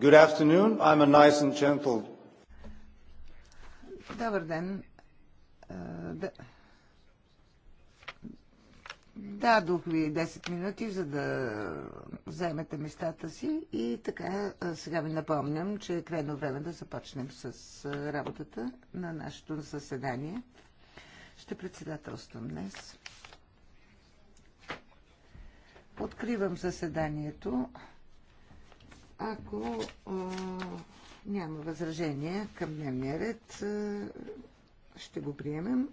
Good afternoon. I'm a nice and gentle. Добър ден. Е, да. Дадох ви 10 минути, за да вземете местата си и така е, сега ви напомням, че е крайно време да започнем с е, работата на нашето заседание. Ще председателствам днес. Откривам заседанието. Ако а, няма възражения към дневния ред, а, ще го приемем.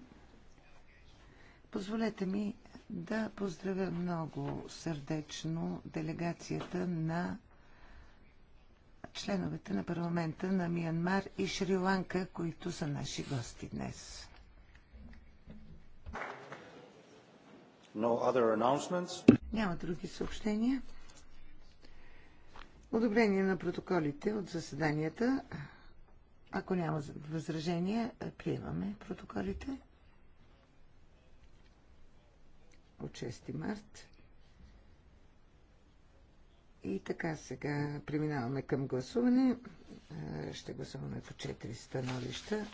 Позволете ми да поздравя много сърдечно делегацията на членовете на парламента на Миянмар и Шри-Ланка, които са наши гости днес. No Няма други съобщения. Одобрение на протоколите от заседанията. Ако няма възражения, приемаме протоколите. От 6 март. И така сега преминаваме към гласуване. Ще гласуваме по 4 становища.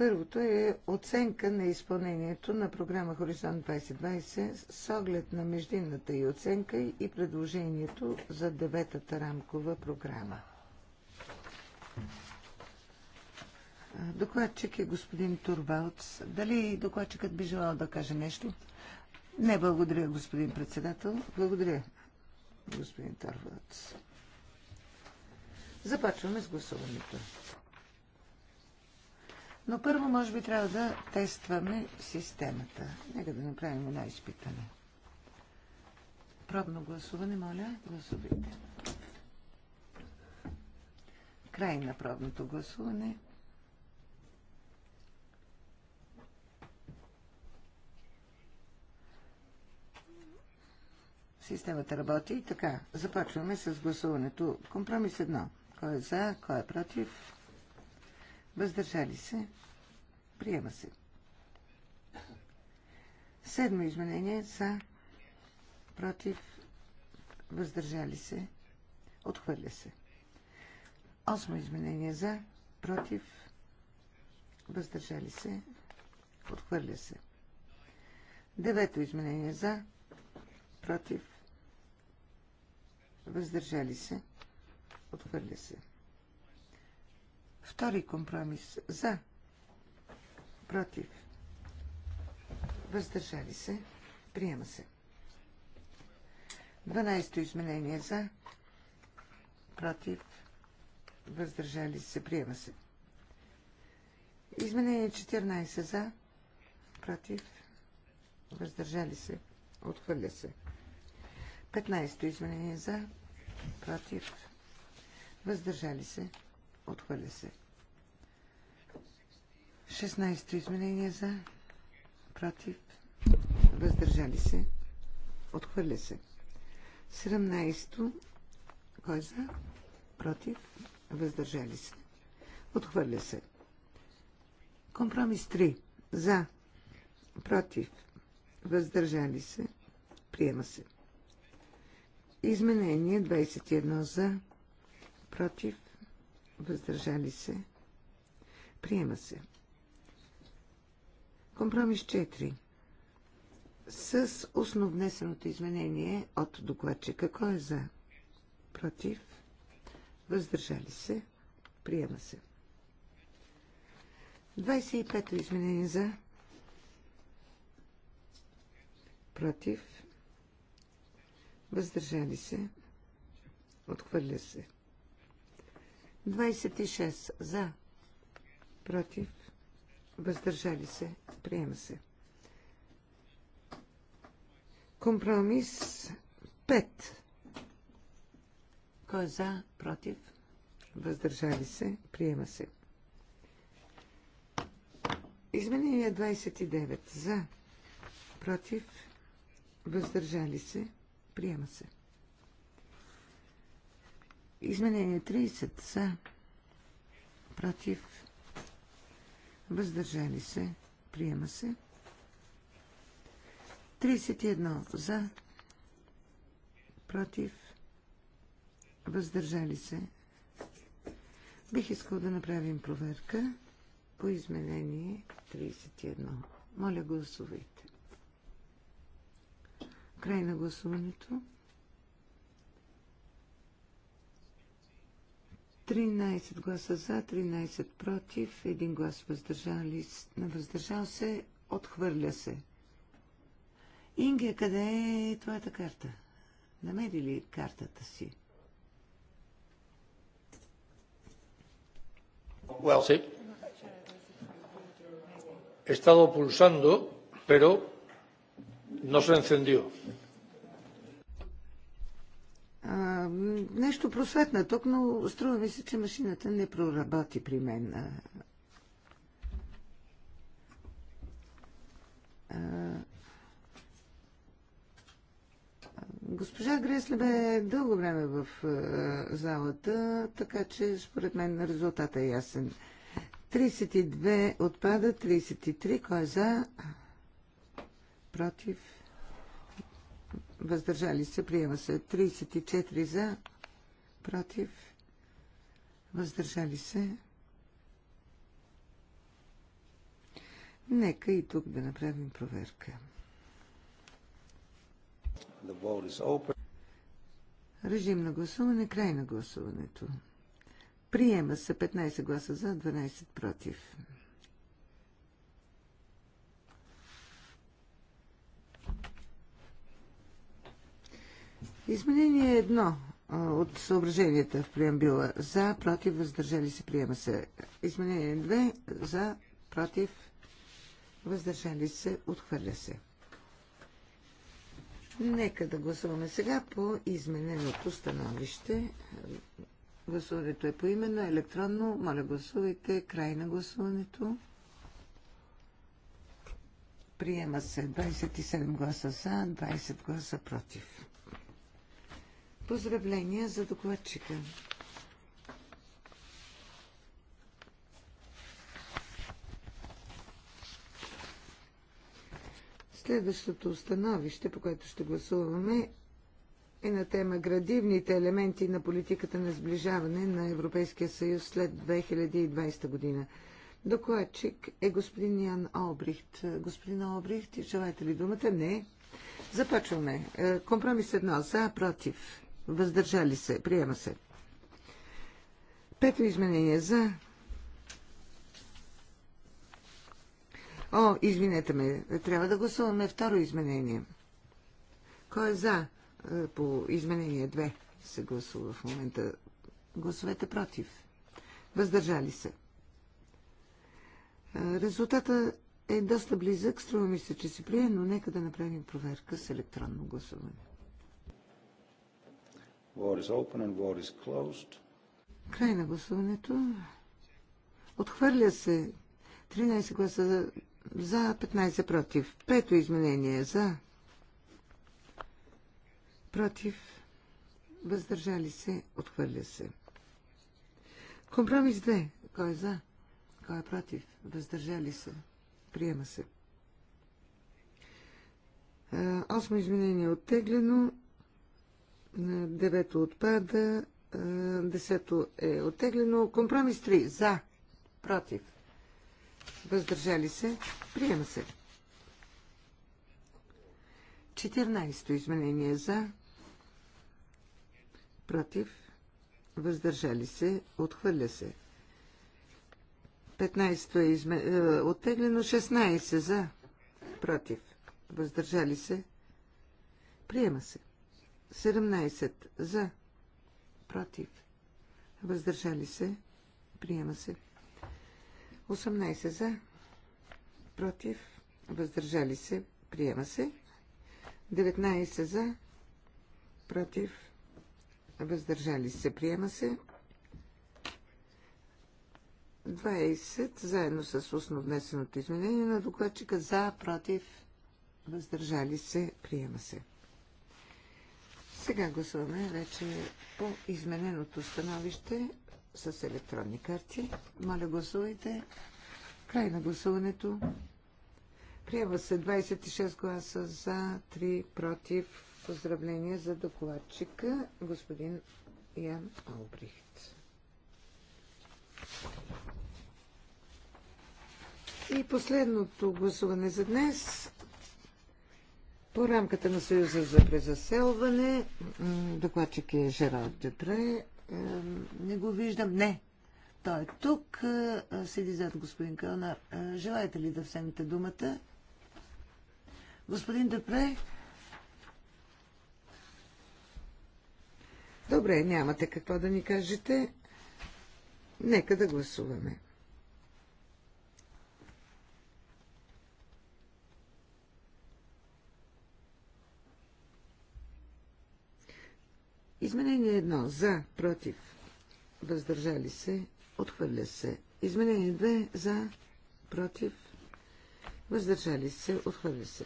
Първото е оценка на изпълнението на програма Хоризонт 2020 с оглед на междинната и оценка и предложението за деветата рамкова програма. Докладчик е господин Турвалц. Дали докладчикът би желал да каже нещо? Не, благодаря, господин председател. Благодаря, господин Турбалц. Започваме с гласуването. Но първо, може би, трябва да тестваме системата. Нека да направим едно изпитане. Пробно гласуване, моля, гласувайте. Край на пробното гласуване. Системата работи и така. Започваме с гласуването. Компромис едно. Кой е за, кой е против, Въздържали се. Приема се. Седмо изменение за против. Въздържали се. Отхвърля се. Осмо изменение за против. Въздържали се. Отхвърля се. Девето изменение за против. Въздържали се. Отхвърля се. Втори компромис. За. Против. Въздържали се. Приема се. 12 изменение за. Против. Въздържали се. Приема се. Изменение 14 за. Против. Въздържали се. Отхвърля се. 15-то изменение за. Против. Въздържали се. Отхвърля се. 16-то изменение за. Против. Въздържали се. Отхвърля се. 17-то. Кой е за? Против. Въздържали се. Отхвърля се. Компромис 3. За. Против. Въздържали се. Приема се. Изменение 21 за. Против въздържали се, приема се. Компромис 4. С основнесеното изменение от докладчика. Кой е за? Против? Въздържали се? Приема се. 25-то изменение за? Против? Въздържали се? Отхвърля се. 26 за, против, въздържали се, приема се. Компромис 5. Кой е за, против, въздържали се, приема се. Изменение 29. За, против, въздържали се, приема се. Изменение 30 за, против, въздържали се, приема се. 31 за, против, въздържали се. Бих искал да направим проверка по изменение 31. Моля, гласувайте. Край на гласуването. 13 гласа за, 13 против, 1 глас въздържали, въздържал се, отхвърля се. Инге, къде е твоята карта? Намери ли картата си? Well, sí. He estado pulsando, pero no se encendió а, нещо просветна тук, но струва ми се, че машината не проработи при мен. А, госпожа Гресле бе дълго време в а, залата, така че според мен резултатът е ясен. 32 отпада, 33. Кой е за? Против? въздържали се, приема се 34 за, против, въздържали се. Нека и тук да направим проверка. Режим на гласуване, край на гласуването. Приема се 15 гласа за, 12 против. Изменение едно от съображенията в преамбила. За, против, въздържали се, приема се. Изменение 2. За, против, въздържали се, отхвърля се. Нека да гласуваме сега по измененото становище. Гласуването е поименно, електронно. Моля, гласувайте. Край на гласуването. Приема се 27 гласа за, 20 гласа против. Поздравления за докладчика. Следващото установище, по което ще гласуваме, е на тема градивните елементи на политиката на сближаване на Европейския съюз след 2020 година. Докладчик е господин Ян Обрихт. Господин Обрихт, желаете ли думата? Не. Започваме. Компромис едно. За, против въздържали се, приема се. Пето изменение за. О, извинете ме, трябва да гласуваме второ изменение. Кой е за е, по изменение 2 се гласува в момента? Гласовете против. Въздържали се. Е, резултата е доста близък. Струва ми се, че се прие, но нека да направим проверка с електронно гласуване what is open and what is closed. Край на гласуването. Отхвърля се 13 гласа за, за 15 против. Пето изменение за против. Въздържали се. Отхвърля се. Компромис 2. Кой е за? Кой е против? Въздържали се. Приема се. Е, осмо изменение е оттеглено. Девето отпада. Десето е оттеглено. Компромис 3. За. Против. Въздържали се. Приема се. 14-то изменение за. Против. Въздържали се. Отхвърля се. 15-то е изме... Е, оттеглено. 16 за. Против. Въздържали се. Приема се. 17. За. Против. Въздържали се. Приема се. 18. За. Против. Въздържали се. Приема се. 19. За. Против. Въздържали се. Приема се. 20. Заедно с устно внесеното изменение на докладчика. За. Против. Въздържали се. Приема се. Сега гласуваме вече по измененото становище с електронни карти. Моля, гласувайте. Край на гласуването. Приема се 26 гласа за, 3 против. Поздравление за докладчика, господин Ян Албрихт. И последното гласуване за днес по рамката на Съюза за презаселване, докладчик е Жерар Депре. Не го виждам. Не. Той е тук. Е, седи зад господин Кълнар. Е, желаете ли да вземете думата? Господин Депре? Добре, нямате какво да ни кажете. Нека да гласуваме. Изменение едно. За, против, въздържали се, отхвърля се. Изменение 2. За, против, въздържали се, отхвърля се.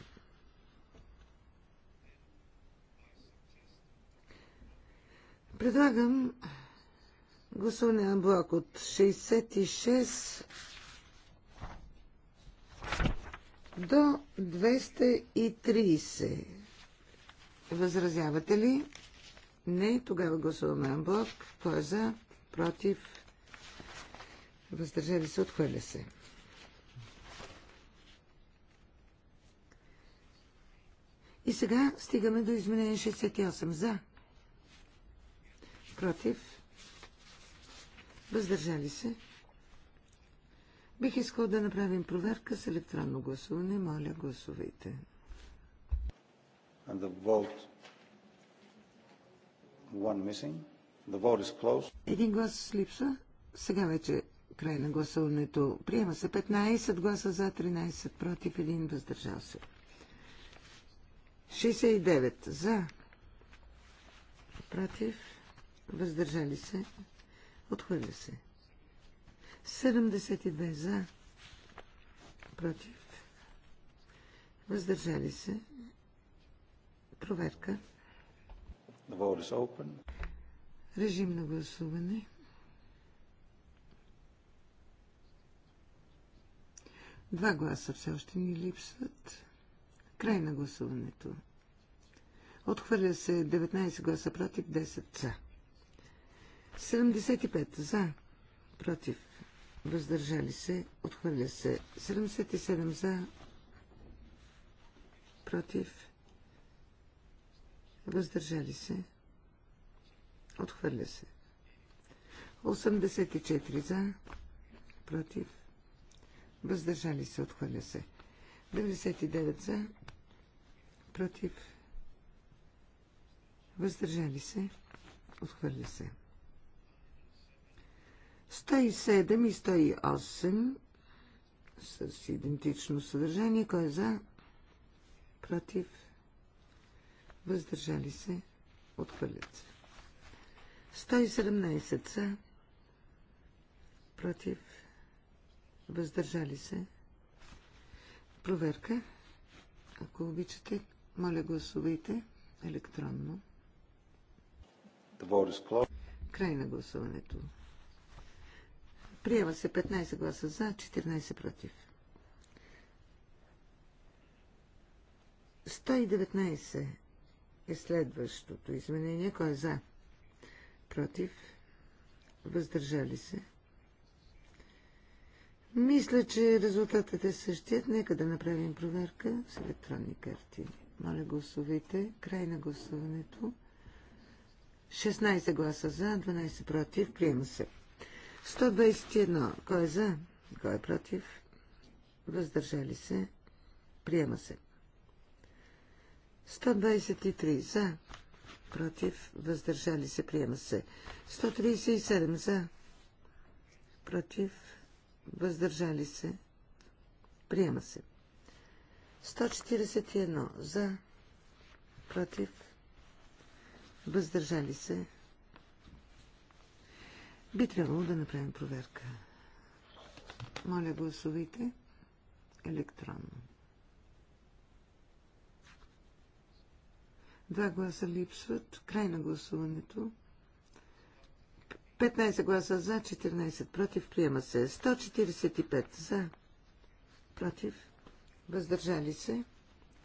Предлагам гласуване на блок от 66 до 230. Възразявате ли? Не, тогава гласуваме анблок. Кой е за? Против? Въздържали се? Отхвърля се. И сега стигаме до изменение 68. За. Против. Въздържали се. Бих искал да направим проверка с електронно гласуване. Моля, гласувайте. And the vote един глас липсва. Сега вече край на гласуването. Приема се 15 гласа за, 13 против, 1 въздържал се. 69 за, против, въздържали се, отхвърля се. 72 за, против, въздържали се, проверка. The vote is open. Режим на гласуване. Два гласа все още ни липсват. Край на гласуването. Отхвърля се 19 гласа против, 10 за. 75 за, против, въздържали се, отхвърля се. 77 за, против, въздържали се, отхвърля се. 84 за, против, въздържали се, отхвърля се. 99 за, против, въздържали се, отхвърля се. 107 и 108 с идентично съдържание. Кой е за? Против? въздържали се, отхвърлят се. 117 са против, въздържали се. Проверка. Ако обичате, моля гласувайте електронно. Край на гласуването. Приема се 15 гласа за, 14 против. 119 е следващото изменение. Кой е за? Против? Въздържали се? Мисля, че резултатът е същият. Нека да направим проверка с електронни карти. Моля, гласувайте. Край на гласуването. 16 гласа за, 12 против. Приема се. 121. Кой е за? Кой е против? Въздържали се? Приема се. 123 за, против, въздържали се, приема се. 137 за, против, въздържали се, приема се. 141 за, против, въздържали се. Би трябвало да направим проверка. Моля, гласувайте електронно. Два гласа липсват. Край на гласуването. 15 гласа за, 14 против. Приема се. 145 за, против. Въздържали се.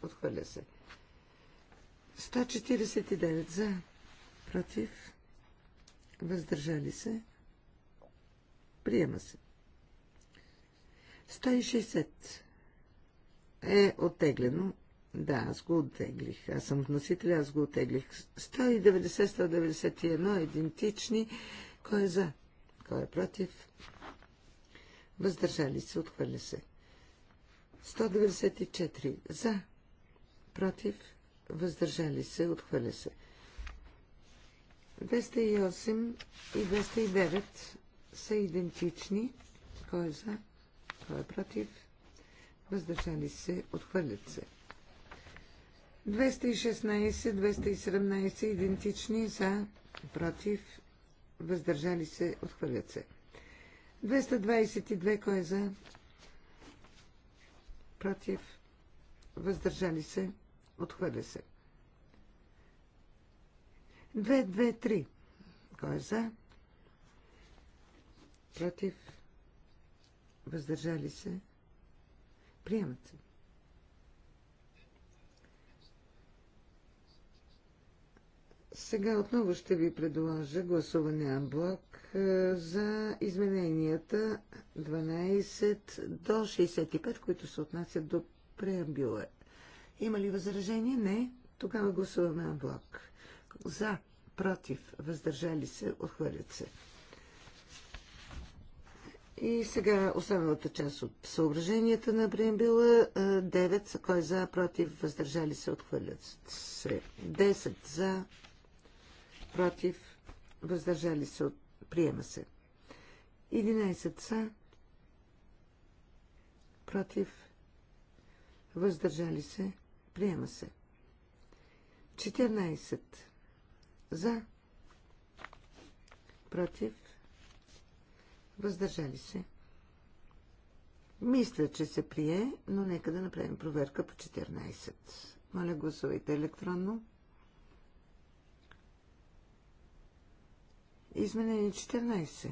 Отхвърля се. 149 за, против. Въздържали се. Приема се. 160 е оттеглено. Да, аз го оттеглих. Аз съм вносител, аз го оттеглих. 190-191 идентични. Кой е за? Кой е против? Въздържали се, отхвърля се. 194 за. Против. Въздържали се, отхвърля се. 208 и 209 са идентични. Кой е за? Кой е против? Въздържали се, отхвърлят се. 216, 217 идентични за, против, въздържали се, отхвърлят се. 222 кой е за, против, въздържали се, отхвърля се. 223 кой е за, против, въздържали се, приемат се. Сега отново ще ви предложа гласуване Амблок е, за измененията 12 до 65, които се отнасят до преамбюла. Има ли възражение? Не. Тогава гласуваме Амблок. За, против, въздържали се, отхвърлят се. И сега останалата част от съображенията на преамбюла 9, е, кой е за, против, въздържали се, отхвърлят се. 10 за, против, въздържали се, от... приема се. 11 са, против, въздържали се, приема се. 14 за, против, въздържали се. Мисля, че се прие, но нека да направим проверка по 14. Моля, гласувайте електронно. Изменение 14.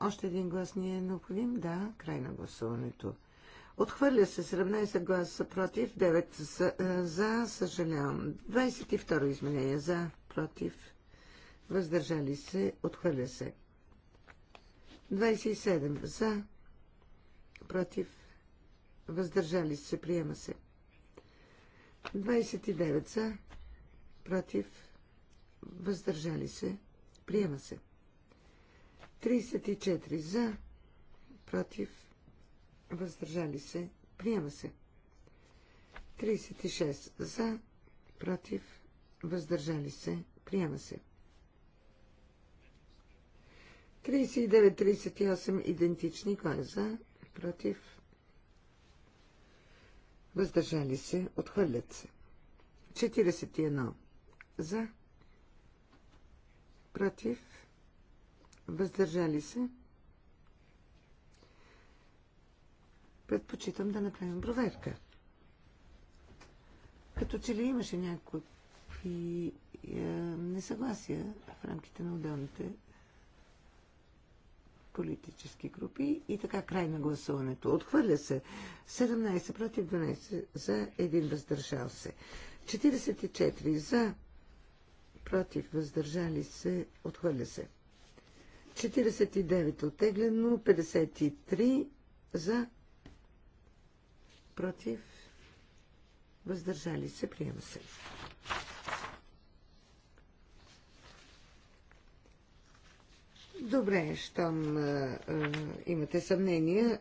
Още един глас ни е необходим. Да, край на гласуването. Отхвърля се 17 гласа против, 9 за, е, за съжалявам. 22 изменение за, против, въздържали се, отхвърля се. 27 за, против, въздържали се, приема се. 29 за, против, въздържали се, приема се. 34 за, против, въздържали се, приема се. 36 за, против, въздържали се, приема се. 39-38 идентични, кой е за, против, въздържали се, отхвърлят се. 41 за, против, въздържали се. Предпочитам да направим проверка. Като че ли имаше някакви е, несъгласия в рамките на отделните политически групи и така край на гласуването. Отхвърля се 17 против 12 за един въздържал се. 44 за против, въздържали се, отхвърля се. 49 оттеглено, 53 за, против, въздържали се, приема се. Добре, щом а, а, имате съмнения,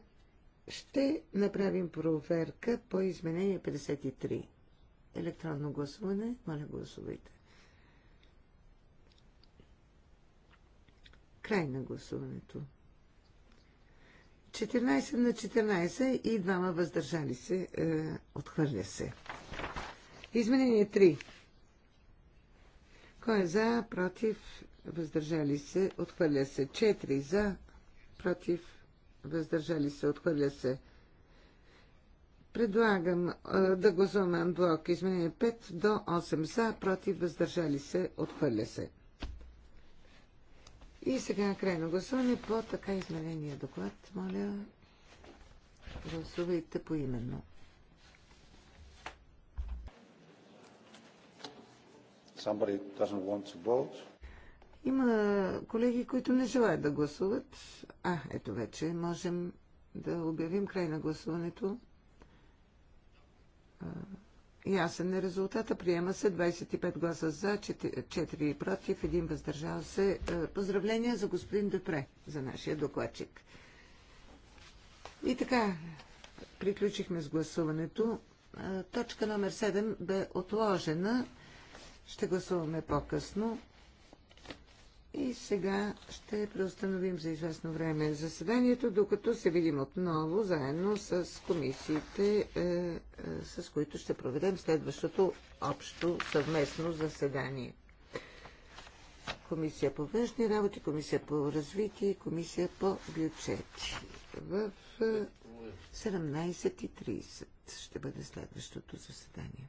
ще направим проверка по изменение 53. Електронно гласуване, моля гласувайте. Край на гласуването. 14 на 14 и двама въздържали се. Е, отхвърля се. Изменение 3. Кой е за, против, въздържали се, отхвърля се. 4 за, против, въздържали се, отхвърля се. Предлагам е, да гласуваме анблок изменение 5 до 8 за, против, въздържали се, отхвърля се. И сега край на гласуване по така изменения доклад. Моля, гласувайте поименно. Има колеги, които не желаят да гласуват. А, ето вече можем да обявим край на гласуването. Ясен е резултата. Приема се 25 гласа за, 4, против, 1 въздържал се. Е, поздравления за господин Депре, за нашия докладчик. И така, приключихме с гласуването. Е, точка номер 7 бе отложена. Ще гласуваме по-късно. И сега ще преустановим за известно време заседанието, докато се видим отново заедно с комисиите, е, е, с които ще проведем следващото общо съвместно заседание. Комисия по външни работи, Комисия по развитие и Комисия по бюджети. В 17.30 е, ще бъде следващото заседание.